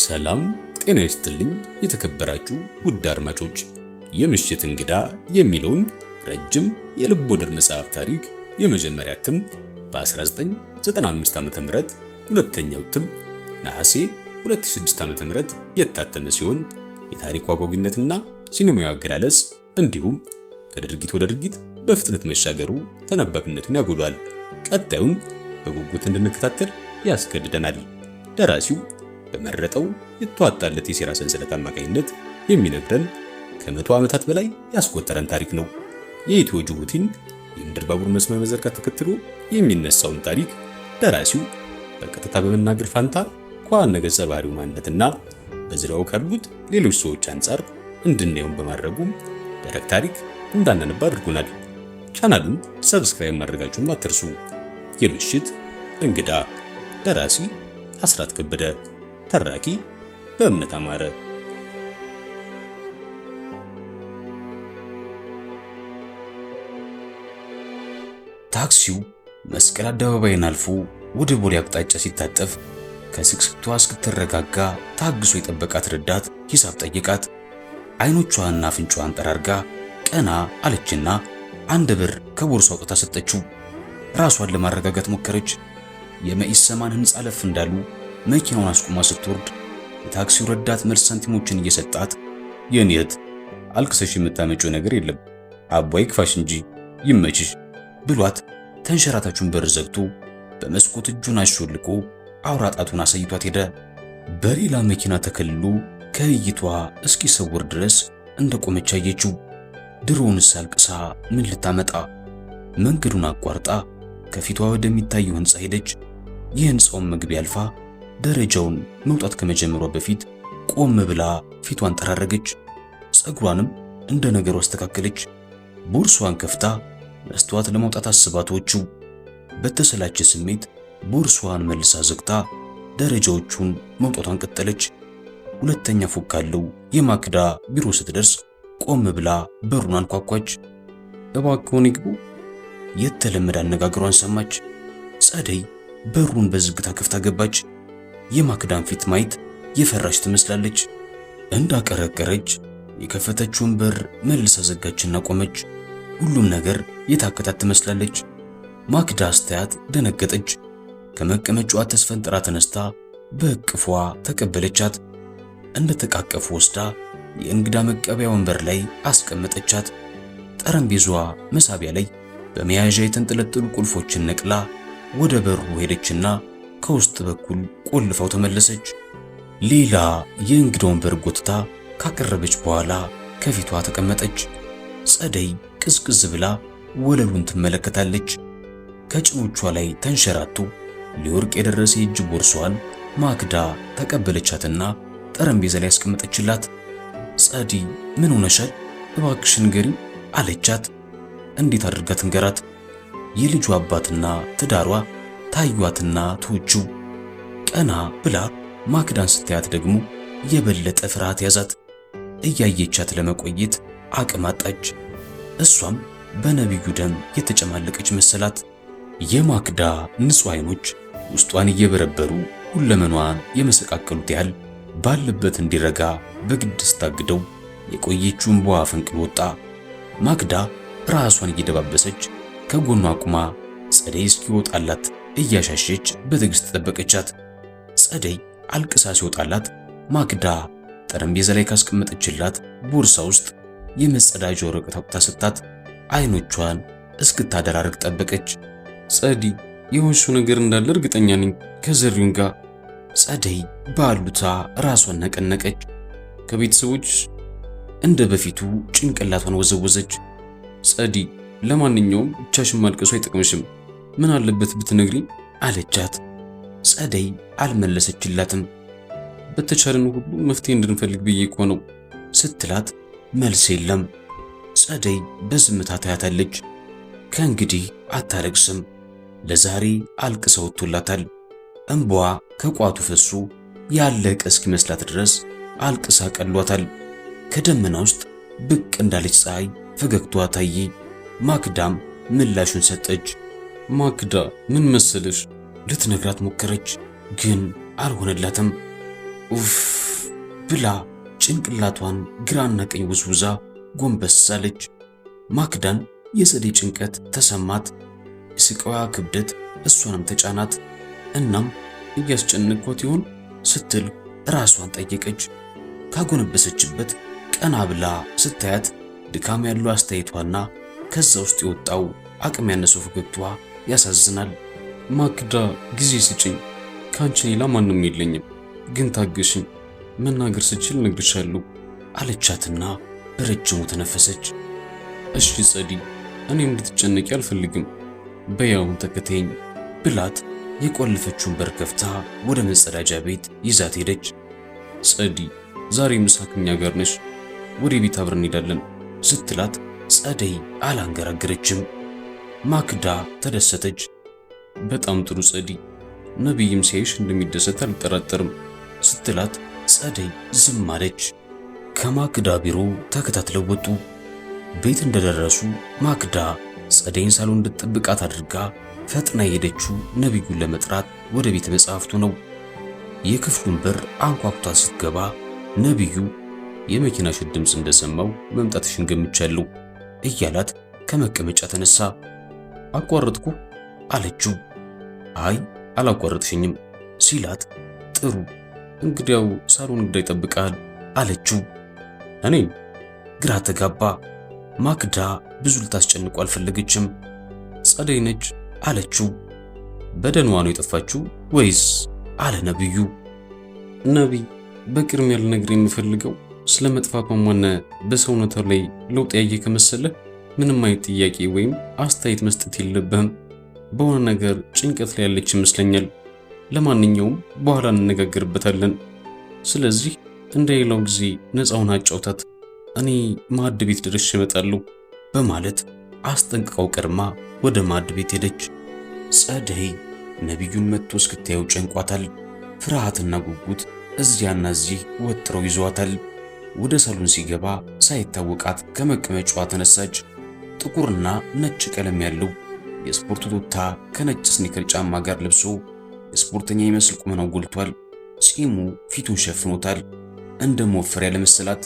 ሰላም ጤና ይስጥልኝ የተከበራችሁ ውድ አድማጮች፣ የምሽት እንግዳ የሚለውን ረጅም የልብ ወለድ መጽሐፍ ታሪክ የመጀመሪያ እትም በ1995 ዓ.ም ሁለተኛው እትም ነሐሴ ዓ ዓ.ም የታተመ ሲሆን የታሪኩ አጓጊነትና ሲኒማዊ አገላለጽ እንዲሁም ከድርጊት ወደ ድርጊት በፍጥነት መሻገሩ ተነባቢነቱን ያጎሏል። ቀጣዩን በጉጉት እንድንከታተል ያስገድደናል። ደራሲው በመረጠው የተዋጣለት የሴራ ሰንሰለት አማካኝነት የሚነግረን ከመቶ ዓመታት በላይ ያስቆጠረን ታሪክ ነው። የኢትዮ ጅቡቲን የምድር ባቡር መስመር መዘርጋት ተከትሎ የሚነሳውን ታሪክ ደራሲው በቀጥታ በመናገር ፋንታ ከዋና ገጸ ባህሪው ማንነትና በዙሪያው ካሉት ሌሎች ሰዎች አንጻር እንድናየውን በማድረጉ ደረቅ ታሪክ እንዳናነባ አድርጎናል። ቻናሉን ሰብስክራይብ ማድረጋችሁን አትርሱ። የምሽት እንግዳ ደራሲ አስራት ከበደ ተራኪ በእምነት አማረ ታክሲው መስቀል አደባባይን አልፎ ወደ ቦሌ አቅጣጫ ሲታጠፍ ከስቅስቅቷ እስክትረጋጋ ታግሶ የጠበቃት ረዳት ሂሳብ ጠየቃት። አይኖቿንና አፍንጫዋን ጠራርጋ ቀና አለችና አንድ ብር ከቦርሷ አውጥታ ሰጠችው። ራሷን ለማረጋጋት ሞከረች። የመኢሰማን ህንፃ ለፍ እንዳሉ መኪናውን አስቁማ ስትወርድ የታክሲው ረዳት መልስ ሳንቲሞችን እየሰጣት የኔ እህት አልቅሰሽ የምታመጪው ነገር የለም አባይ ክፋሽ እንጂ ይመችሽ ብሏት ተንሸራታቹን በር ዘግቶ በመስኮት እጁን አሾልቆ አውራ ጣቱን አሳይቷት ሄደ። በሌላ መኪና ተከልሎ ከእይቷ እስኪሰውር ድረስ እንደቆመች አየችው። ድሮውንስ አልቅሳ ምን ልታመጣ? መንገዱን አቋርጣ ከፊቷ ወደሚታየው ህንፃ ሄደች። የህንፃውን መግቢያ አልፋ ደረጃውን መውጣት ከመጀመሯ በፊት ቆም ብላ ፊቷን ጠራረገች፣ ፀጉሯንም እንደ ነገሩ አስተካከለች። ቦርሷን ከፍታ መስተዋት ለመውጣት አስባቶቹ በተሰላቸ ስሜት ቦርሷን መልሳ ዘግታ ደረጃዎቹን መውጣቷን ቀጠለች። ሁለተኛ ፎቅ ካለው የማክዳ ቢሮ ስትደርስ ቆም ብላ በሩን አንኳኳች። እባክዎን ይግቡ የተለመደ አነጋገሯን ሰማች። ፀደይ በሩን በዝግታ ከፍታ ገባች። የማክዳን ፊት ማየት የፈራች ትመስላለች። እንዳቀረቀረች የከፈተችውን በር መልሳ ዘጋችና ቆመች። ሁሉም ነገር የታከታት ትመስላለች። ማክዳ አስተያት ደነገጠች። ከመቀመጫዋ ተስፈንጥራ ተነስታ በእቅፏ ተቀበለቻት። እንደ ተቃቀፉ ወስዳ የእንግዳ መቀበያ ወንበር ላይ አስቀመጠቻት። ጠረጴዛዋ መሳቢያ ላይ በመያዣ የተንጠለጠሉ ቁልፎችን ነቅላ ወደ በሩ ሄደችና ከውስጥ በኩል ቆልፋው ተመለሰች። ሌላ የእንግዳ ወንበር ጎትታ ካቀረበች በኋላ ከፊቷ ተቀመጠች። ጸደይ ቅዝቅዝ ብላ ወለሉን ትመለከታለች። ከጭኖቿ ላይ ተንሸራቶ ሊወርቅ የደረሰ የእጅ ቦርሷን ማክዳ ተቀበለቻትና ጠረጴዛ ላይ ያስቀመጠችላት። ጸዲ ምን ሆነሻል? እባክሽን ንገሪኝ አለቻት። እንዴት አድርጋ ትንገራት? የልጁ አባትና ትዳሯ ታዩአትና ትውጁ ቀና ብላ ማክዳን ስታያት ደግሞ የበለጠ ፍርሃት ያዛት። እያየቻት ለመቆየት አቅም አጣች። እሷም በነቢዩ ደም የተጨማለቀች መሰላት። የማክዳ ንጹሕ አይኖች ውስጧን እየበረበሩ ሁለመኗን የመሰቃቀሉት ያህል ባለበት እንዲረጋ በግድ ስታግደው የቆየችውን በዋ ፈንቅል ወጣ። ማክዳ ራሷን እየደባበሰች ከጎኗ ቁማ ጸደይ እስኪወጣላት እያሻሸች በትዕግስት ጠበቀቻት። ጸደይ አልቅሳ ሲወጣላት ማክዳ ጠረጴዛ ላይ ካስቀመጠችላት ቦርሳ ውስጥ የመጸዳጃ ወረቀት አውጥታ ሰጣት። አይኖቿን እስክታደራርግ ጠበቀች። ጸዲ የወሱ ነገር እንዳለ እርግጠኛ ነኝ ከዘሪውን ጋር ጸደይ በአሉታ ራሷን ነቀነቀች። ከቤተሰቦች እንደ በፊቱ ጭንቅላቷን ወዘወዘች። ጸዲ ለማንኛውም ብቻሽን ማልቀሱ አይጠቅምሽም ምን አለበት ብትነግሪኝ አለቻት። ጸደይ አልመለሰችላትም። በተቻለን ሁሉ መፍትሄ እንድንፈልግ ብዬ እኮ ነው ስትላት መልስ የለም። ጸደይ በዝምታ ታያታለች። ከእንግዲህ አታለቅስም። ለዛሬ አልቅሰው ወጥቶላታል። እንባዋ ከቋቱ ፈሱ ያለቀ እስኪመስላት ድረስ አልቅሳ ቀሏታል። ከደመና ውስጥ ብቅ እንዳለች ፀሐይ ፈገግቷ ታየ። ማክዳም ምላሹን ሰጠች። ማክዳ ምን መሰለሽ ልትነግራት ሞከረች፣ ግን አልሆነላትም። ኡፍ ብላ ጭንቅላቷን ግራና ቀኝ ውዝውዛ ጎንበስ አለች። ማክዳን የሰደይ ጭንቀት ተሰማት። የስቃዋ ክብደት እሷንም ተጫናት። እናም እያስጨነቅኳት ይሆን ስትል ራሷን ጠየቀች። ካጎነበሰችበት ቀና ብላ ስታያት ድካም ያለው አስተያየቷና ከዛ ውስጥ የወጣው አቅም ያነሰው ፈገግታዋ ያሳዝናል። ማክዳ ጊዜ ስጭኝ፣ ከአንቺ ሌላ ማንም የለኝም፣ ግን ታገሽኝ፣ መናገር ስችል እነግርሻለሁ አለቻትና በረጅሙ ተነፈሰች። እሺ ጸዲ፣ እኔ እንድትጨነቂ አልፈልግም፣ በያውን ተከተኝ ብላት የቆለፈችውን በር ከፍታ ወደ መጸዳጃ ቤት ይዛት ሄደች። ጸዲ፣ ዛሬ ምሳ ከኛ ጋር ነሽ፣ ወደ ቤት አብረን እንሄዳለን ስትላት ጸደይ አላንገራገረችም። ማክዳ ተደሰተች። በጣም ጥሩ ጸዲ፣ ነቢይም ሲያይሽ እንደሚደሰት አልጠራጠርም ስትላት ጸደይ ዝም አለች። ከማክዳ ቢሮ ተከታትለው ወጡ። ቤት እንደደረሱ ማክዳ ጸደይን ሳሎን እንድትጠብቃት አድርጋ ፈጥና የሄደችው ነቢዩን ለመጥራት ወደ ቤተ መጻሕፍቱ ነው። የክፍሉን በር አንኳኩታ ስትገባ ነቢዩ የመኪናሽን ድምፅ እንደሰማው መምጣትሽን ገምቻለሁ እያላት ከመቀመጫ ተነሳ። አቋረጥኩ አለችው። አይ አላቋረጥሽኝም ሲላት፣ ጥሩ እንግዲያው ሳሎን እንግዳ ይጠብቃል አለችው። እኔ ግራ ተጋባ። ማክዳ ብዙ ልታስጨንቁ አልፈለገችም። ጸደይ ነች አለችው። በደንዋ ነው የጠፋችው ወይስ አለ ነብዩ። ነቢይ በቅድሚያ ልነግር የምፈልገው ስለ መጥፋቷም ሆነ በሰውነቷ ላይ ለውጥ ያየ ምንም አይነት ጥያቄ ወይም አስተያየት መስጠት የለብህም። በሆነ ነገር ጭንቀት ላይ ያለች ይመስለኛል። ለማንኛውም በኋላ እንነጋገርበታለን። ስለዚህ እንደ ሌላው ጊዜ ነፃውን አጫውታት፣ እኔ ማዕድ ቤት ድረስ ይመጣሉ በማለት አስጠንቅቀው ቀድማ ወደ ማዕድ ቤት ሄደች። ጸደይ ነቢዩን መጥቶ እስክታየው ጨንቋታል። ፍርሃትና ጉጉት እዚያና እዚህ ወጥረው ይዘዋታል። ወደ ሳሎን ሲገባ ሳይታወቃት ከመቀመጫዋ ተነሳች። ጥቁርና ነጭ ቀለም ያለው የስፖርት ቱታ ከነጭ ስኒከር ጫማ ጋር ለብሶ የስፖርተኛ ይመስል ቁመናው ጎልቷል። ጺሙ ፊቱን ሸፍኖታል። እንደ መወፈር ያለ መሰላት።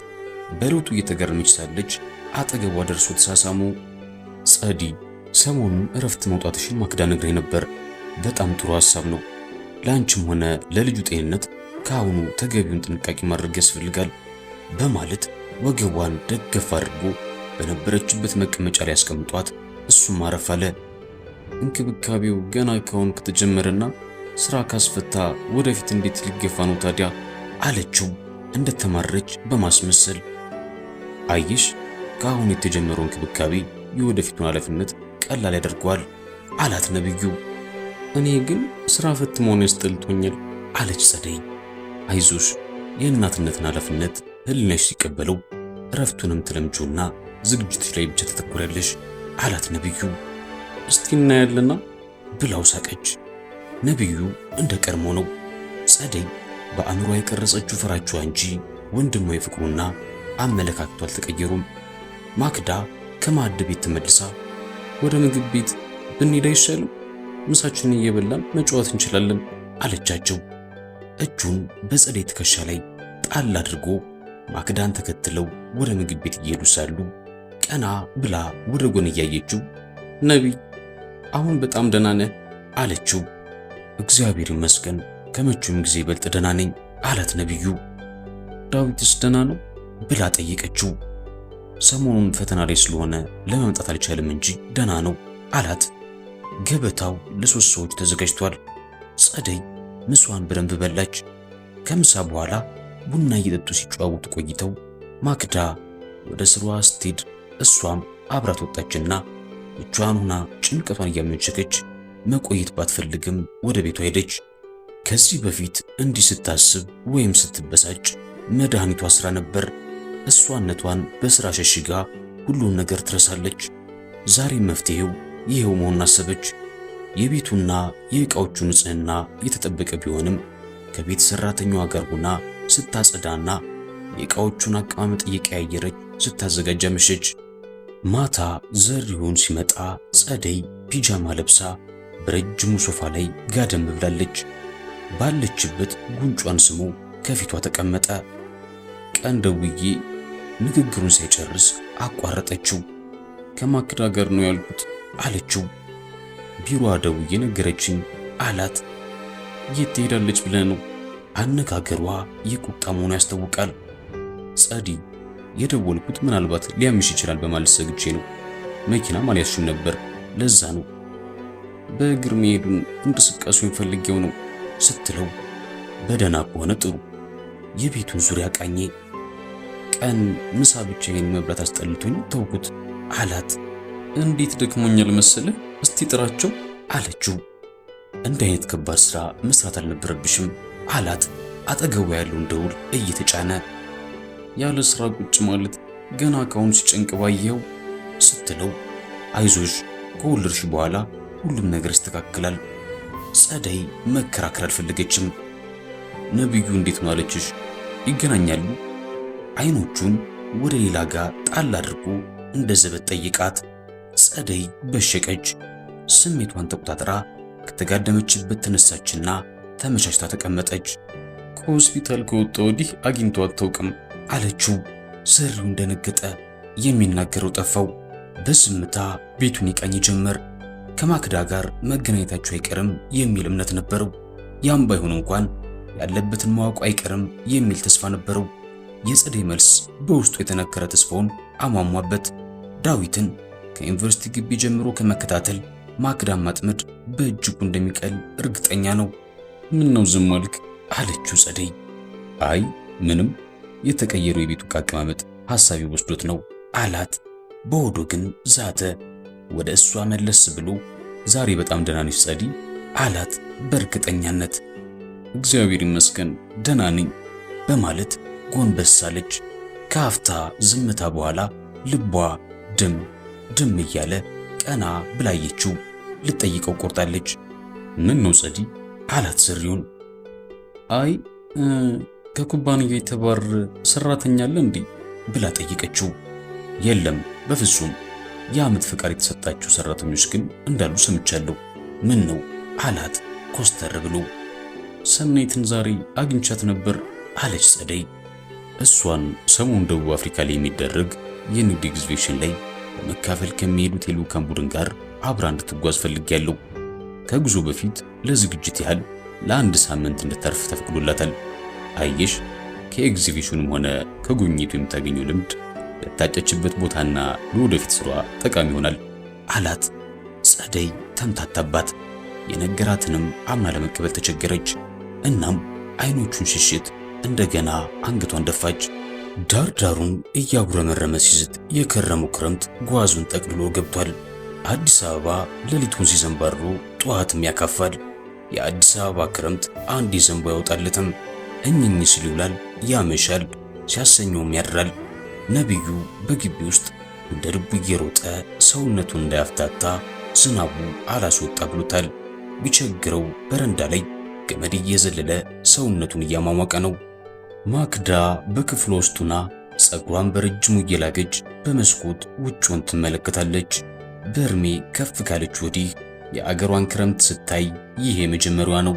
በለውጡ እየተገረመች ሳለች አጠገቧ ደርሶ ተሳሳሙ። ጸዲ፣ ሰሞኑን እረፍት መውጣትሽን ማክዳ ነግሬ ነበር። በጣም ጥሩ ሀሳብ ነው። ለአንቺም ሆነ ለልጁ ጤንነት ከአሁኑ ተገቢውን ጥንቃቄ ማድረግ ያስፈልጋል በማለት ወገቧን ደገፍ አድርጎ በነበረችበት መቀመጫ ላይ ያስቀምጧት፣ እሱም አረፍ አለ። እንክብካቤው ገና ካሁን ከተጀመረና ስራ ካስፈታ ወደፊት እንዴት ሊገፋ ነው ታዲያ? አለችው እንደተማረች በማስመሰል። አይሽ ከአሁን የተጀመረው እንክብካቤ የወደፊቱን ኃላፊነት ቀላል ያደርገዋል አላት ነብዩ። እኔ ግን ስራ ፈት መሆን ያስጠልቶኛል አለች ጸደይ። አይዞሽ የእናትነትን ኃላፊነት ህልነሽ ሲቀበለው እረፍቱንም ትለምጆና ዝግጅት ላይ ብቻ ተተኩረልሽ አላት ነቢዩ። እስቲ እናያለና ብላው ሳቀች። ነቢዩ እንደ ቀድሞ ነው። ጸደይ በአእምሮ የቀረጸችው ፍራቿ እንጂ ወንድማዊ የፍቅሩና አመለካከቱ አልተቀየሩም። ማክዳ ከማዕድ ቤት ተመልሳ ወደ ምግብ ቤት ብንሄድ አይሻልም? ምሳችንን እየበላን መጫወት እንችላለን አለቻቸው። እጁን በጸደይ ትከሻ ላይ ጣል አድርጎ ማክዳን ተከትለው ወደ ምግብ ቤት እየሄዱ ሳሉ ቀና ብላ ወደ ጎን እያየችው ነቢይ አሁን በጣም ደህና ነህ አለችው። እግዚአብሔር ይመስገን ከመቼውም ጊዜ ይበልጥ ደህና ነኝ አላት ነቢዩ። ዳዊትስ ደህና ነው ብላ ጠየቀችው። ሰሞኑን ፈተና ላይ ስለሆነ ለመምጣት አልቻልም እንጂ ደህና ነው አላት። ገበታው ለሶስት ሰዎች ተዘጋጅቷል። ጸደይ ምሷን በደንብ በላች። ከምሳ በኋላ ቡና እየጠጡ ሲጨዋወቱ ቆይተው ማክዳ ወደ ስሯ ስትሄድ እሷም አብራት ወጣችና ብቻዋን ሆና ጭንቀቷን እያመነጨከች መቆየት ባትፈልግም ወደ ቤቷ ሄደች። ከዚህ በፊት እንዲህ ስታስብ ወይም ስትበሳጭ መድኃኒቷ ስራ ነበር። እሷነቷን በስራ ሸሽጋ ሁሉን ነገር ትረሳለች። ዛሬ መፍትሄው ይሄው መሆን አሰበች። የቤቱና የእቃዎቹ ንጽህና የተጠበቀ ቢሆንም ከቤት ሰራተኛዋ ጋር ሆና ስታጸዳና የእቃዎቹን አቀማመጥ እየቀያየረች ስታዘጋጅ አመሸች። ማታ ዘሪሁን ሲመጣ ጸደይ ፒጃማ ለብሳ በረጅሙ ሶፋ ላይ ጋደም ብላለች። ባለችበት ጉንጯን ስሞ ከፊቷ ተቀመጠ። ቀን ደውዬ ንግግሩን ሳይጨርስ አቋረጠችው። ከማክዳ ጋር ነው ያልኩት አለችው። ቢሮ ደውዬ ነገረችኝ አላት። የት ትሄዳለች ብለህ ነው? አነጋገሯ የቁጣ መሆኑ ያስታውቃል። ጸዲ የደወልኩት ምናልባት ሊያምሽ ይችላል በማለት ሰግቼ ነው። መኪናም አልያዝሽም ነበር፣ ለዛ ነው በእግር መሄዱን እንቅስቃሴውን ፈልጌው ነው ስትለው፣ በደህና ከሆነ ጥሩ። የቤቱን ዙሪያ ቃኘ። ቀን ምሳ ብቻዬን መብላት አስጠልቶኝ ተውኩት አላት። እንዴት ደክሞኛል መሰለህ፣ እስቲ ጥራቸው አለችው። እንዲህ አይነት ከባድ ስራ መስራት አልነበረብሽም አላት። አጠገቡ ያለውን ደውል እየተጫነ ያለ ስራ ቁጭ ማለት ገና ካሁን ሲጨንቅ ባየው ስትለው አይዞሽ ከወለድሽ በኋላ ሁሉም ነገር ይስተካከላል። ጸደይ መከራከር አልፈለገችም። ነቢዩ እንዴት ነው አለችሽ? ይገናኛሉ። አይኖቹን ወደ ሌላ ጋር ጣል አድርጎ እንደ ዘበት ጠይቃት። ጸደይ በሸቀች። ስሜቷን ተቆጣጥራ ከተጋደመችበት ተነሳችና ተመቻችታ ተቀመጠች። ከሆስፒታል ከወጣ ወዲህ አግኝቶ አታውቅም። አለችው። ሰሪው እንደነገጠ የሚናገረው ጠፋው። በዝምታ ቤቱን ይቃኝ ጀመር። ከማክዳ ጋር መገናኘታቸው አይቀርም የሚል እምነት ነበረው። ያም ባይሆን እንኳን ያለበትን ማወቁ አይቀርም የሚል ተስፋ ነበረው። የፀደይ መልስ በውስጡ የተነከረ ተስፋውን አሟሟበት። ዳዊትን ከዩኒቨርሲቲ ግቢ ጀምሮ ከመከታተል ማክዳን ማጥመድ በእጅጉ እንደሚቀል እርግጠኛ ነው። ምን ነው ዝም አልክ? አለችው ፀደይ። አይ ምንም የተቀየረው የቤቱ ዕቃ አቀማመጥ ሐሳቢ ወስዶት ነው አላት። በወዶ ግን ዛተ። ወደ እሷ መለስ ብሎ ዛሬ በጣም ደህና ነሽ ጸዲ አላት በእርግጠኛነት። እግዚአብሔር ይመስገን ደህና ነኝ በማለት ጎንበስ አለች። ከአፍታ ዝምታ በኋላ ልቧ ድም ድም እያለ ቀና ብላየችው። ልጠይቀው ቆርጣለች። ምን ነው ጸዲ አላት ዝሪውን። አይ ከኩባንያው የተባረረ ሰራተኛ አለ እንዴ ብላ ጠየቀችው። የለም በፍጹም የአመት ፍቃድ የተሰጣቸው ሰራተኞች ግን እንዳሉ ሰምቻለሁ። ምን ነው አላት ኮስተር ብሎ። ሰናይትን ዛሬ አግኝቻት ነበር አለች ጸደይ። እሷን ሰሞኑን ደቡብ አፍሪካ ላይ የሚደረግ የንግድ ኤግዚቢሽን ላይ በመካፈል ከሚሄዱት የልዑካን ቡድን ጋር አብራ እንድትጓዝ ፈልጌያለሁ። ከጉዞ በፊት ለዝግጅት ያህል ለአንድ ሳምንት እንድታርፍ ተፈቅዶላታል። አየሽ፣ ከኤግዚቢሽኑም ሆነ ከጉብኝቱ የምታገኘው ልምድ ለታጨችበት ቦታና ለወደፊት ስሯ ጠቃሚ ይሆናል አላት። ጸደይ ተምታታባት፣ የነገራትንም አምና ለመቀበል ተቸገረች። እናም አይኖቹን ሽሽት እንደገና አንገቷን ደፋች። ዳርዳሩን እያጉረመረመ ሲዝት የከረመው ክረምት ጓዙን ጠቅልሎ ገብቷል። አዲስ አበባ ሌሊቱን ሲዘንባሩ ጠዋትም ያካፋል። የአዲስ አበባ ክረምት አንድ ዘንቦ ያወጣለትም። እኝኝ ሲል ይውላል፣ ያመሻል፣ ሲያሰኘውም ያድራል። ነቢዩ በግቢ ውስጥ እንደ ልቡ እየሮጠ ሰውነቱን እንዳያፍታታ ዝናቡ አላስወጣ ብሎታል። ቢቸግረው በረንዳ ላይ ገመድ እየዘለለ ሰውነቱን እያሟሟቀ ነው። ማክዳ በክፍሉ ውስጥ ሆና ጸጉሯን በረጅሙ እየላገች በመስኮት ውጭውን ትመለከታለች። በእድሜ ከፍ ካለች ወዲህ የአገሯን ክረምት ስታይ ይሄ መጀመሪያዋ ነው።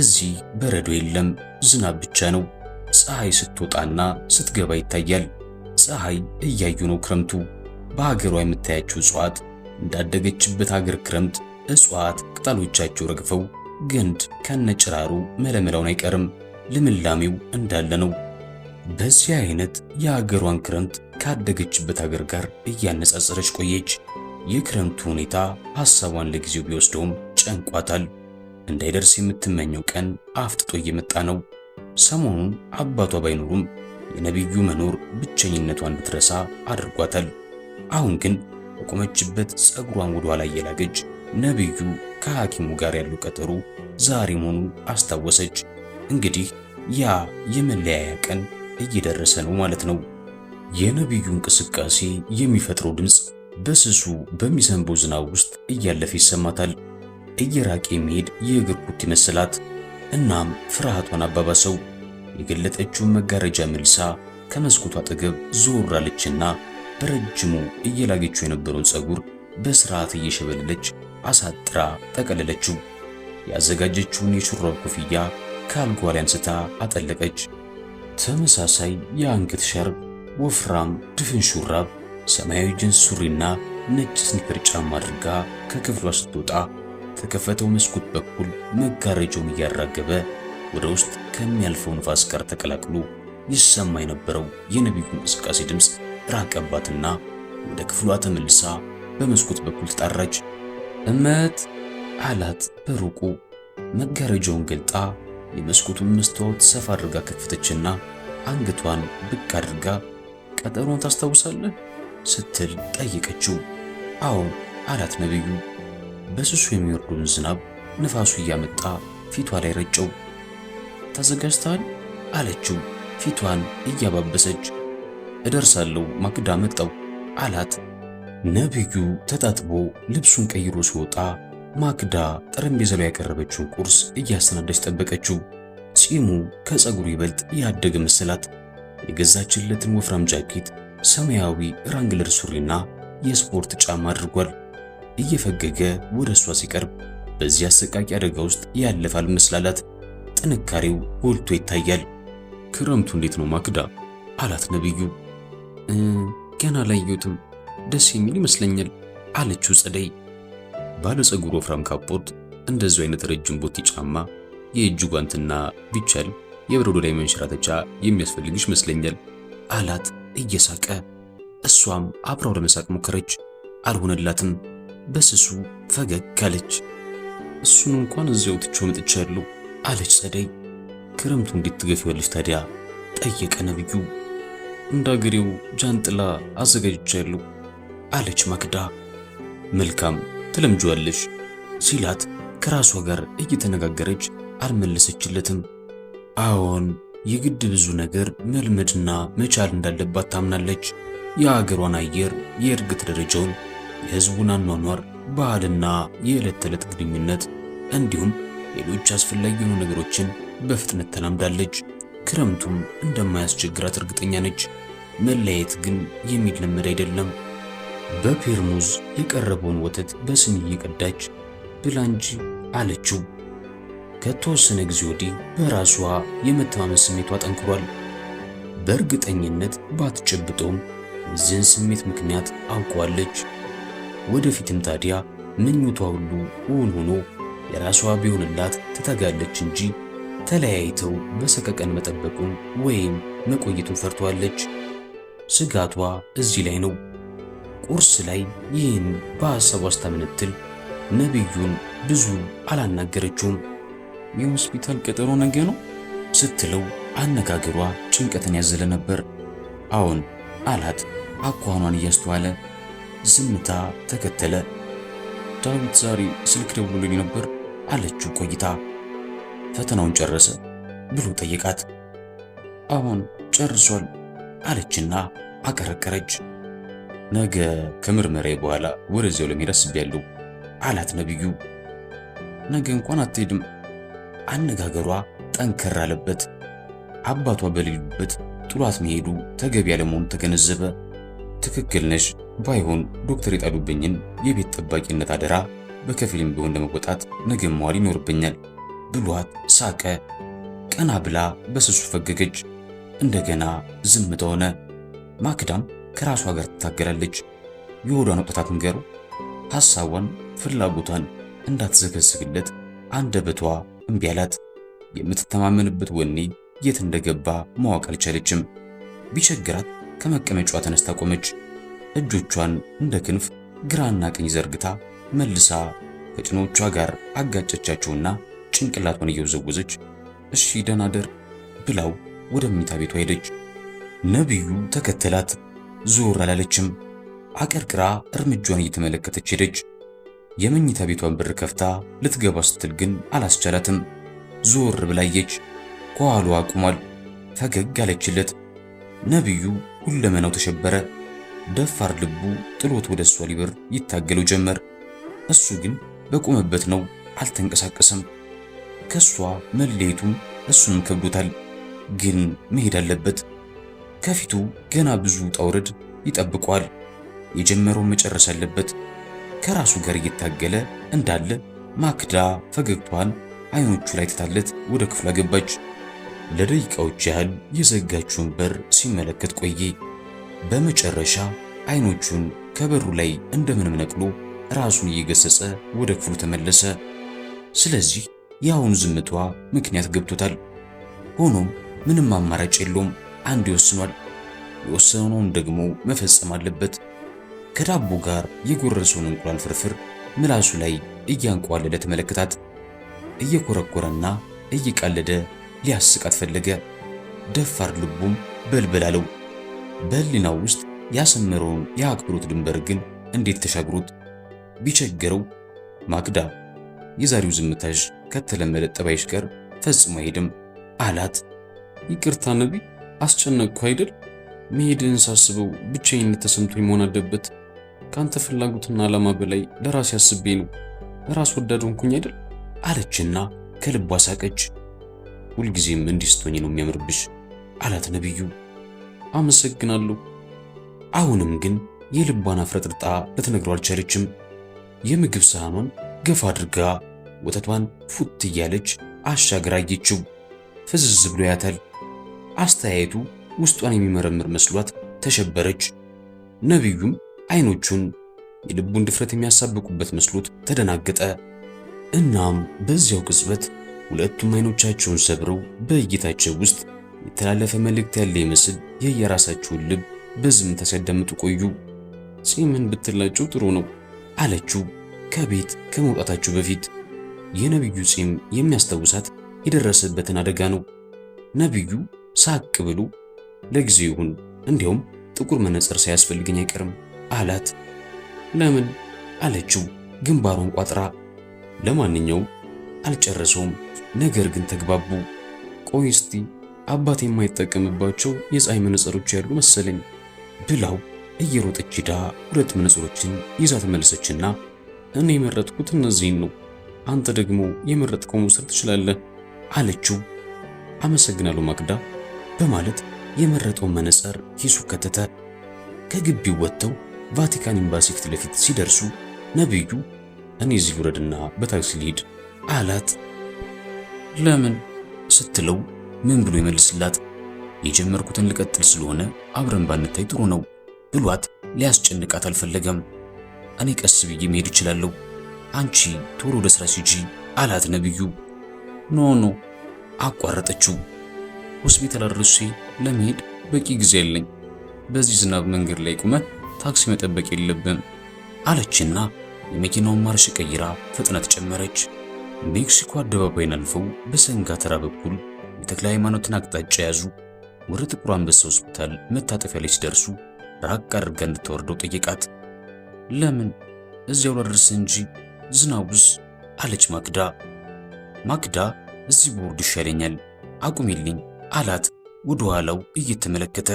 እዚህ በረዶ የለም፣ ዝናብ ብቻ ነው። ፀሐይ ስትወጣና ስትገባ ይታያል። ፀሐይ እያዩ ነው ክረምቱ። በሀገሯ የምታያቸው እጽዋት እንዳደገችበት ሀገር ክረምት እጽዋት ቅጠሎቻቸው ረግፈው ግንድ ከነጭራሩ መለመላውን አይቀርም። ልምላሜው እንዳለ ነው። በዚህ አይነት የሀገሯን ክረምት ካደገችበት ሀገር ጋር እያነጻጸረች ቆየች። የክረምቱ ሁኔታ ሐሳቧን ለጊዜው ቢወስደውም ጨንቋታል። እንዳይደርስ የምትመኘው ቀን አፍጥጦ እየመጣ ነው። ሰሞኑን አባቷ ባይኖሩም የነቢዩ መኖር ብቸኝነቷን ብትረሳ አድርጓታል። አሁን ግን በቆመችበት ጸጉሯን ወደ ኋላ እየላገች ነቢዩ ከሐኪሙ ጋር ያለው ቀጠሮ ዛሬ መሆኑ አስታወሰች። እንግዲህ ያ የመለያያ ቀን እየደረሰ ነው ማለት ነው። የነቢዩ እንቅስቃሴ የሚፈጥረው ድምፅ በስሱ በሚሰንበው ዝናብ ውስጥ እያለፈ ይሰማታል። እየራቀ የሚሄድ የእግር ኩት ይመስላት። እናም ፍርሃቷን አባባሰው። የገለጠችውን መጋረጃ መልሳ ከመስኮቷ አጠገብ ዞር አለችና በረጅሙ እየላገችው የነበረውን ፀጉር በስርዓት እየሸበለለች አሳጥራ ጠቀለለችው። ያዘጋጀችውን የሹራብ ኮፍያ ከአልጓ ላይ አንስታ አጠለቀች። ተመሳሳይ የአንገት ሸርብ፣ ወፍራም ድፍን ሹራብ፣ ሰማያዊ ጅንስ ሱሪና ነጭ ስኒከር ጫማ አድርጋ ከክፍሏ ስትወጣ ተከፈተው መስኮት በኩል መጋረጃውን እያራገበ ወደ ውስጥ ከሚያልፈው ንፋስ ጋር ተቀላቅሎ ይሰማ የነበረው የነቢዩ እንቅስቃሴ ድምፅ ራቀባትና ወደ ክፍሏ ተመልሳ በመስኮት በኩል ተጣራች። እመት አላት። በሩቁ መጋረጃውን ገልጣ የመስኮቱን መስታወት ሰፋ አድርጋ ከፍተችና አንገቷን ብቅ አድርጋ ቀጠሮን ታስታውሳለህ? ስትል ጠየቀችው። አዎ አላት ነብዩ በስሱ የሚወርደውን ዝናብ ንፋሱ እያመጣ ፊቷ ላይ ረጨው። ተዘጋጅታል አለችው ፊቷን እያባበሰች። እደርሳለሁ ማክዳ መጣው አላት። ነቢዩ ተጣጥቦ ልብሱን ቀይሮ ሲወጣ ማክዳ ጠረጴዛ ላይ ያቀረበችውን ቁርስ እያሰናዳች ጠበቀችው። ጺሙ ከፀጉሩ ይበልጥ ያደገ መሰላት። የገዛችለትን ወፍራም ጃኬት፣ ሰማያዊ ራንግለር ሱሪና የስፖርት ጫማ አድርጓል። እየፈገገ ወደ እሷ ሲቀርብ በዚህ አሰቃቂ አደጋ ውስጥ ያለፋል መስላላት ጥንካሬው ጎልቶ ይታያል። ክረምቱ እንዴት ነው ማክዳ? አላት ነብዩ። ገና አላየሁትም፣ ደስ የሚል ይመስለኛል አለችው ጸደይ። ባለ ጸጉር ወፍራም ካፖርት፣ እንደዚህ አይነት ረጅም ቦቲ ጫማ፣ የእጅ ጓንትና ቢቻል የበረዶ ላይ መንሸራተቻ የሚያስፈልግሽ ይመስለኛል አላት እየሳቀ። እሷም አብራው ለመሳቅ ሞከረች፣ አልሆነላትም። በስሱ ፈገግ አለች። እሱን እንኳን እዚያው ትቼው መጥቻለሁ አለች ጸደይ። ክረምቱ እንዴት ትገፊዋለች ታዲያ ጠየቀ ነብዩ። እንደ አገሬው ጃንጥላ አዘጋጅቻለሁ አለች ማክዳ። መልካም ትለምጂዋለሽ ሲላት ከራሷ ጋር እየተነጋገረች አልመለሰችለትም። አዎን የግድ ብዙ ነገር መልመድና መቻል እንዳለባት ታምናለች። የአገሯን አየር፣ የእድገት ደረጃውን የህዝቡን አኗኗር፣ ባህልና የዕለት ተዕለት ግንኙነት እንዲሁም ሌሎች አስፈላጊ የሆኑ ነገሮችን በፍጥነት ተላምዳለች። ክረምቱም እንደማያስቸግራት እርግጠኛ ነች። መለያየት ግን የሚለመድ አይደለም። በፔርሙዝ የቀረበውን ወተት በስኒ እየቀዳች ብላ አለችው። ከተወሰነ ጊዜ ወዲህ በራሷ የመተማመን ስሜቷ ጠንክሯል። በእርግጠኝነት ባትጨብጠውም የዚህን ስሜት ምክንያት አውቀዋለች። ወደፊትም ታዲያ ምኞቷ ሁሉ እውን ሆኖ የራሷ ቢሆንላት ትተጋለች እንጂ ተለያይተው በሰቀቀን መጠበቁን ወይም መቆየቱን ፈርቷለች። ስጋቷ እዚህ ላይ ነው። ቁርስ ላይ ይህን በሐሳቧ ስታመነትል ነቢዩን ብዙ አላናገረችውም። የሆስፒታል ቀጠሮ ነገ ነው ስትለው አነጋገሯ ጭንቀትን ያዘለ ነበር። አዎን አላት አኳኗን እያስተዋለ ዝምታ ተከተለ። ዳዊት ዛሬ ስልክ ደውሎልኝ ነበር አለችው ቆይታ። ፈተናውን ጨረሰ ብሎ ጠየቃት። አሁን ጨርሷል አለችና አቀረቀረች። ነገ ከምርመራዬ በኋላ ወደዚያው ለመሄድ አስቤያለሁ አላት ነብዩ ነገ እንኳን አትሄድም። አነጋገሯ ጠንከር አለበት። አባቷ በሌሉበት ጥሏት መሄዱ ተገቢ አለመሆኑ ተገነዘበ። ትክክል ነሽ፣ ባይሆን ዶክተር የጣሉብኝን የቤት ጠባቂነት አደራ በከፊልም ቢሆን ለመወጣት ነገ መዋል ይኖርብኛል ብሏት ሳቀ። ቀና ብላ በስሱ ፈገገች። እንደገና ዝምታ ሆነ። ማክዳም ከራሷ ጋር ትታገላለች። የሆዷን ወጣታት ንገሩ ሐሳቧን፣ ፍላጎቷን እንዳትዘገዝግለት አንደበቷ እምቢ አላት። የምትተማመንበት ወኔ የት እንደገባ ማወቅ አልቻለችም። ቢቸግራት ከመቀመጫዋ ተነስታ ቆመች። እጆቿን እንደ ክንፍ ግራና ቀኝ ዘርግታ መልሳ ከጭኖቿ ጋር አጋጨቻቸውና ጭንቅላቷን እየወዘወዘች እሺ ደናደር ብላው ወደ መኝታ ቤቷ ሄደች። ነቢዩ ተከተላት። ዞር አላለችም። አቀርቅራ እርምጇን እየተመለከተች ሄደች። የመኝታ ቤቷን በር ከፍታ ልትገባ ስትል ግን አላስቻላትም። ዞር ብላየች። ከኋሏ ቆሟል። ፈገግ አለችለት። ነቢዩ ሁለመናው ተሸበረ። ደፋር ልቡ ጥሎት ወደ እሷ ሊበር ይታገለው ጀመር። እሱ ግን በቆመበት ነው፣ አልተንቀሳቀሰም። ከእሷ መለየቱም እሱንም ከብዶታል፣ ግን መሄድ አለበት። ከፊቱ ገና ብዙ ውጣ ውረድ ይጠብቀዋል። የጀመረውን መጨረስ አለበት። ከራሱ ጋር እየታገለ እንዳለ ማክዳ ፈገግቷን አይኖቹ ላይ ትታለት ወደ ክፍሏ ገባች። ለደቂቃዎች ያህል የዘጋችውን በር ሲመለከት ቆየ። በመጨረሻ አይኖቹን ከበሩ ላይ እንደምንም ነቅሎ ራሱን እየገሰጸ ወደ ክፍሉ ተመለሰ። ስለዚህ የአሁኑ ዝምቷ ምክንያት ገብቶታል። ሆኖም ምንም አማራጭ የለውም። አንድ ይወስኗል። የወሰነውን ደግሞ መፈጸም አለበት። ከዳቦ ጋር የጎረሰውን እንቁላል ፍርፍር ምላሱ ላይ እያንቋለለ ተመለከታት። እየኮረኮረና እየቃለደ ሊያስቃት ፈለገ። ደፋር ልቡም በልበል አለው። በህሊናው ውስጥ ያሰመረውን የአክብሮት ድንበር ግን እንዴት ተሻግሮት ቢቸገረው ማክዳ የዛሬው ዝምታሽ ከተለመደ ጠባይሽ ጋር ፈጽሞ አይሄድም አላት። ይቅርታ ነቢ፣ አስጨነቅኩ አይደል? መሄድህን ሳስበው ብቸኝነት ተሰምቶኝ መሆን አለበት። ከአንተ ፍላጎትና ዓላማ በላይ ለራሴ አስቤ ነው። ራስ ወዳድ ሆንኩኝ አይደል? አለችና ከልቧ ሳቀች። ሁልጊዜም እንዲስቶኝ ነው የሚያምርብሽ አላት ነቢዩ። አመሰግናለሁ። አሁንም ግን የልቧን አፍረጥርጣ ልትነግረው አልቻለችም። የምግብ ሳህኗን ገፋ አድርጋ ወተቷን ፉት እያለች አሻገር አየችው። ፍዝዝ ብሎ ያታል። አስተያየቱ ውስጧን የሚመረምር መስሏት ተሸበረች። ነቢዩም አይኖቹን የልቡን ድፍረት የሚያሳብቁበት መስሎት ተደናገጠ። እናም በዚያው ቅጽበት ሁለቱም አይኖቻቸውን ሰብረው በእይታቸው ውስጥ የተላለፈ መልእክት ያለ ይመስል የየራሳቸውን ልብ በዝምታ ሲያዳምጡ ቆዩ። ጺምን ብትላጭው ጥሩ ነው አለችው ከቤት ከመውጣታቸው በፊት። የነቢዩ ጺም የሚያስታውሳት የደረሰበትን አደጋ ነው። ነቢዩ ሳቅ ብሎ ለጊዜ ይሁን እንዲያውም ጥቁር መነጽር ሳያስፈልገኝ አይቀርም አላት። ለምን አለችው ግንባሯን ቋጥራ። ለማንኛውም አልጨረሰውም። ነገር ግን ተግባቡ። ቆይ እስቲ አባት የማይጠቀምባቸው የፀሐይ መነጽሮች ያሉ መሰለኝ ብላው እየሮጠች ሄዳ ሁለት መነጽሮችን ይዛ ተመለሰችና እኔ የመረጥኩት እነዚህን ነው፣ አንተ ደግሞ የመረጥከው መውሰድ ትችላለህ አለችው። አመሰግናለሁ ማክዳ በማለት የመረጠውን መነጽር ኪሱ ከተተ። ከግቢው ወጥተው ቫቲካን ኤምባሲ ፊት ለፊት ሲደርሱ ነቢዩ እኔ እዚህ ውረድና በታክሲ ልሂድ አላት። ለምን ስትለው ምን ብሎ ይመልስላት? የጀመርኩትን ልቀጥል ስለሆነ አብረን ባንታይ ጥሩ ነው ብሏት ሊያስጨንቃት አልፈለገም። እኔ ቀስ ብዬ መሄድ እችላለሁ፣ አንቺ ቶሎ ወደ ስራሽ አላት ነብዩ ኖ ኖ አቋረጠችው። ሆስፒታል አድርሼ ለመሄድ በቂ ጊዜ የለኝ። በዚህ ዝናብ መንገድ ላይ ቁመ ታክሲ መጠበቅ የለብን አለችና የመኪናውን ማርሽ ቀይራ ፍጥነት ጨመረች። ሜክሲኮ አደባባይን አልፈው በሰንጋ ተራ በኩል የተክለ ሃይማኖትን አቅጣጫ ያዙ። ወደ ጥቁር አንበሳ ሆስፒታል መታጠፊያ ላይ ሲደርሱ ራቅ አድርጋ እንድታወርደው ጠየቃት። ለምን እዚያው ላደርስ እንጂ ዝናቡስ? አለች ማክዳ። ማክዳ እዚህ ቦርድ ይሻለኛል አቁሚልኝ አላት፣ ወደ ኋላው እየተመለከተ